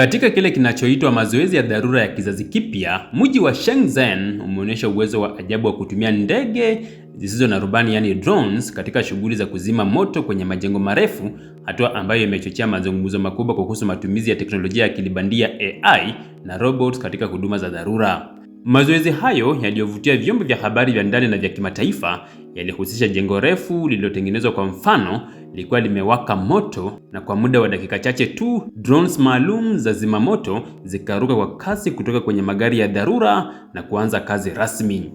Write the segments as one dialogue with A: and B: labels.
A: Katika kile kinachoitwa mazoezi ya dharura ya kizazi kipya, mji wa Shenzhen umeonyesha uwezo wa ajabu wa kutumia ndege zisizo na rubani yani drones katika shughuli za kuzima moto kwenye majengo marefu, hatua ambayo imechochea mazungumzo makubwa kuhusu matumizi ya teknolojia ya akili bandia AI na robots katika huduma za dharura. Mazoezi hayo yaliyovutia vyombo vya habari vya ndani na vya kimataifa yalihusisha jengo refu lililotengenezwa kwa mfano likuwa limewaka moto, na kwa muda wa dakika chache tu drones maalum za zimamoto zikaruka kwa kasi kutoka kwenye magari ya dharura na kuanza kazi rasmi.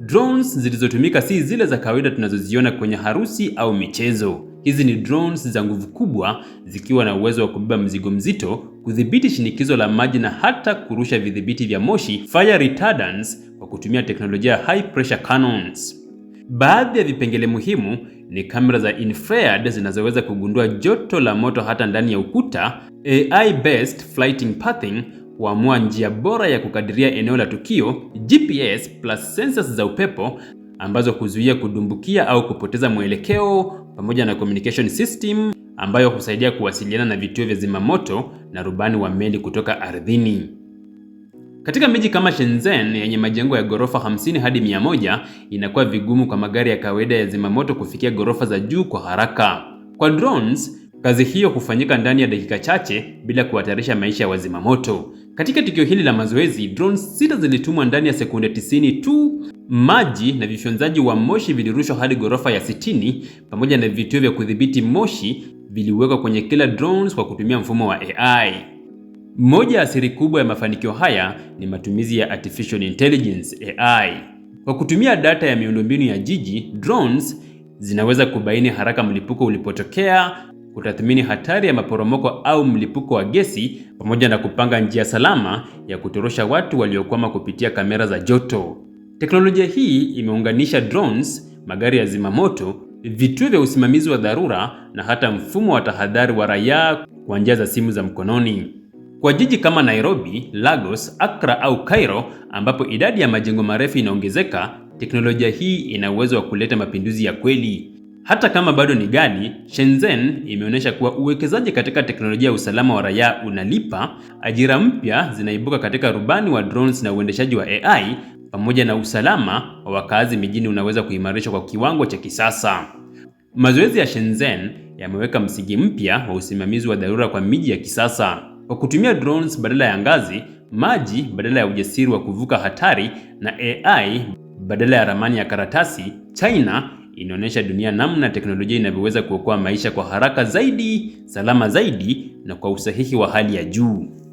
A: Drones zilizotumika si zile za kawaida tunazoziona kwenye harusi au michezo. Hizi ni drones za nguvu kubwa zikiwa na uwezo wa kubeba mzigo mzito, kudhibiti shinikizo la maji na hata kurusha vidhibiti vya moshi fire retardants kwa kutumia teknolojia high pressure cannons. Baadhi ya vipengele muhimu ni kamera za infrared zinazoweza kugundua joto la moto hata ndani ya ukuta, AI based flighting pathing kuamua njia bora ya kukadiria eneo la tukio, GPS plus sensors za upepo ambazo huzuia kudumbukia au kupoteza mwelekeo, pamoja na communication system ambayo husaidia kuwasiliana na vituo vya zimamoto na rubani wa meli kutoka ardhini. Katika miji kama Shenzhen yenye majengo ya ghorofa 50 hadi 100, inakuwa vigumu kwa magari ya kawaida ya zimamoto kufikia ghorofa za juu kwa haraka. Kwa drones, kazi hiyo hufanyika ndani ya dakika chache bila kuhatarisha maisha ya wazimamoto. Katika tukio hili la mazoezi, drones sita zilitumwa ndani ya sekunde 90 tu Maji na vifyonzaji wa moshi vilirushwa hadi ghorofa ya sitini pamoja na vituo vya kudhibiti moshi viliwekwa kwenye kila drones kwa kutumia mfumo wa AI. Moja ya siri kubwa ya mafanikio haya ni matumizi ya Artificial Intelligence AI. Kwa kutumia data ya miundombinu ya jiji, drones zinaweza kubaini haraka mlipuko ulipotokea, kutathmini hatari ya maporomoko au mlipuko wa gesi, pamoja na kupanga njia salama ya kutorosha watu waliokwama kupitia kamera za joto. Teknolojia hii imeunganisha drones, magari ya zimamoto, vituo vya usimamizi wa dharura na hata mfumo wa tahadhari wa raia kwa njia za simu za mkononi. Kwa jiji kama Nairobi, Lagos, Accra au Cairo ambapo idadi ya majengo marefu inaongezeka, teknolojia hii ina uwezo wa kuleta mapinduzi ya kweli. Hata kama bado ni ghali, Shenzhen imeonyesha kuwa uwekezaji katika teknolojia ya usalama wa raia unalipa. Ajira mpya zinaibuka katika rubani wa drones na uendeshaji wa AI pamoja na usalama wa wakazi mijini unaweza kuimarishwa kwa kiwango cha kisasa. Mazoezi ya Shenzhen yameweka msingi mpya wa usimamizi wa dharura kwa miji ya kisasa kwa kutumia drones badala ya ngazi, maji badala ya ujasiri wa kuvuka hatari, na AI badala ya ramani ya karatasi. China inaonyesha dunia namna teknolojia inavyoweza kuokoa maisha kwa haraka zaidi, salama zaidi, na kwa usahihi wa hali ya juu.